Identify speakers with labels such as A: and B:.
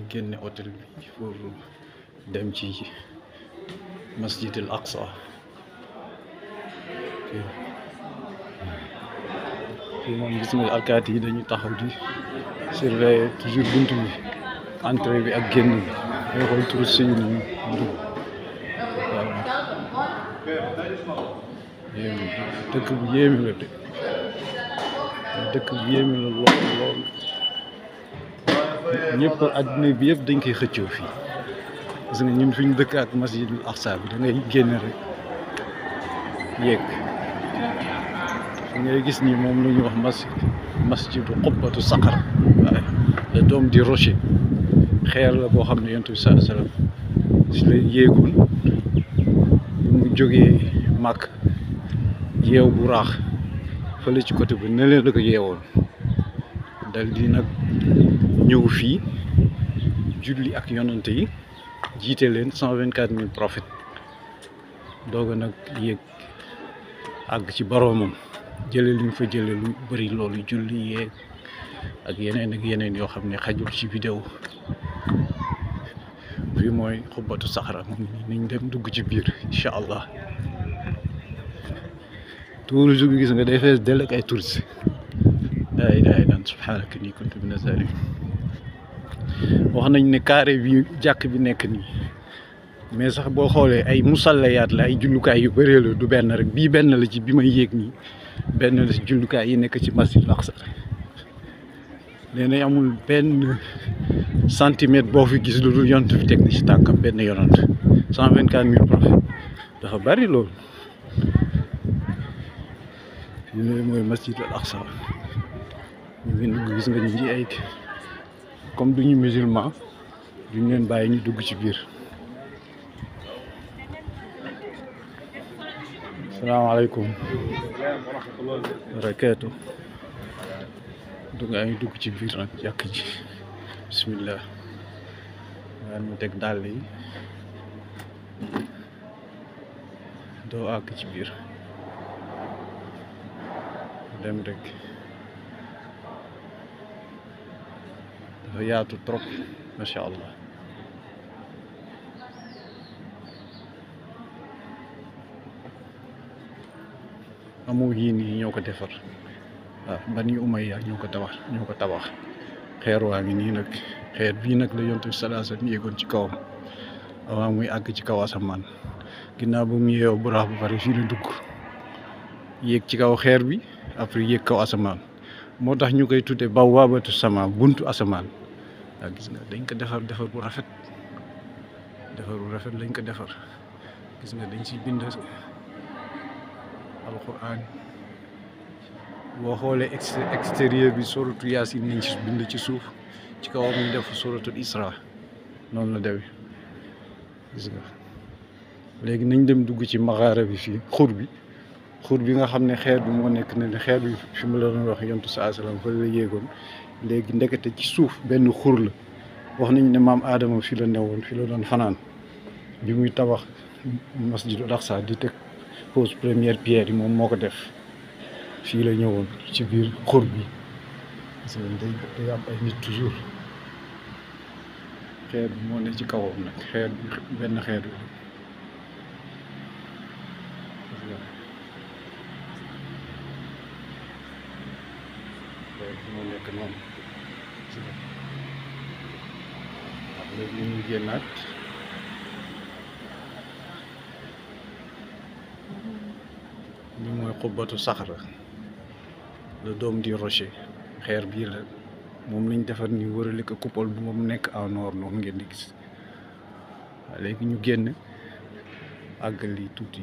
A: dañuy génne hôtel bi foofu dem ci masjid al aqsa fii moom gis nga alkaati yi dañu taxaw di surveiller toujours bunt bi entrée bi ak génn bi day xool touriste yi ñu dugg dëkk bu yéemi la de dëkk bu yéemi la lool ñëpp adduna bi yëpp dañ koy xëccoo fii parce que ñun fi ñu dëkk ak masjidul aqsa bi da ngay génn rek yéeg fi gis ni moom lu ñu wax masjid masjidu xubbatu saqar waaye le doom di rocher xeer la boo xam ne yontu bi saa sallam si la yéegoon mu jógee màkk yeew bu raax fële ci côté bu ne leen la ko yeewoon dal di nag ñëw fii julli ak yonante yi jiite leen cent vingt quatre mille prophètes dooga nag yéeg àgg ci boroomam jële li ñu fa jële lu bëri loolu julli yeeg ak yeneen ak yeneen yoo xam ne xajul ci vidéo fii mooy xubbatu saxara mu dem dugg ci biir incha allah toujours gis nga day fees dell ak ay touristes. لا إله إلا أنت سبحانك إني كنت من wax nañ ne carré bi jàkk bi nekk nii mais sax boo xoolee ay musallayaat la ay jullukaay yu bëree du benn rek bii benn la ci bi may yéeg nii benn la ci jullukaay yi nekk ci masjid Al-Aqsa nee nañ amul benn boo fi gis lu dul yonent fi teg na ci tànkam benn yonent cent vingt quatre dafa bari loolu ñu ne mooy masjid Al-Aqsa ñu ngi gis nga ñu ngi ay comme duñu musulman duñ leen bàyyi ñu dugg ci biir salaamaaleykum barakaatu dungaa ñu dugg ci biir nag jàkk ji bismillah waan mu teg dàll yi doo àgg ci biir dem rek وهي تترك ما شاء الله Allah. Amu nii ñoo ko bani umayya ñoo ko tabax ñoo ko tabax xeer waa ngi ni nak xeer bi nak la yontu salasa mi yéegoon ci kaw avant muy ag ci kaw asaman ginnaaw bu mu yeewoo buraax bu bari fi la dugg yek ci kaw xeer bi après yek kaw asaman motax ñukay tuté bawwa batu sama buntu asaman. waaw gis nga dañ ko defar defar bu rafet defar bu rafet lañ ko defar gis nga dañ ci bind alquran boo xoolee extérieur bi suratu yaasin nañ ci bind ci suuf ci kawam ñu def suratul isra noonu la demee gis nga léegi nañ dem dugg ci maxaara bi fii xur bi xur bi nga xam ne xeer bi moo nekk ne xeer bi fi mu la doon wax yontu saa salaam fa la yéegoon léegi ndekete ci suuf benn xur la wax nañ ne maam Adama fi la woon fi la doon fanaan bi muy tabax masjidul saa di teg pose première pierre yi moom moo ko def fii la ñëwoon ci biir xur bi parce que day am ay nit toujours xeer bi moo ne ci kawam nag xeer benn xeer bi moo nekk noonu suba ñu mooy xubbatu saxara le doom du rocher xeer bii la moom lañ defar ni wërale ko coupole bu moom nekk en or noonu ngeen di gis léegi ñu génn àggali tuuti.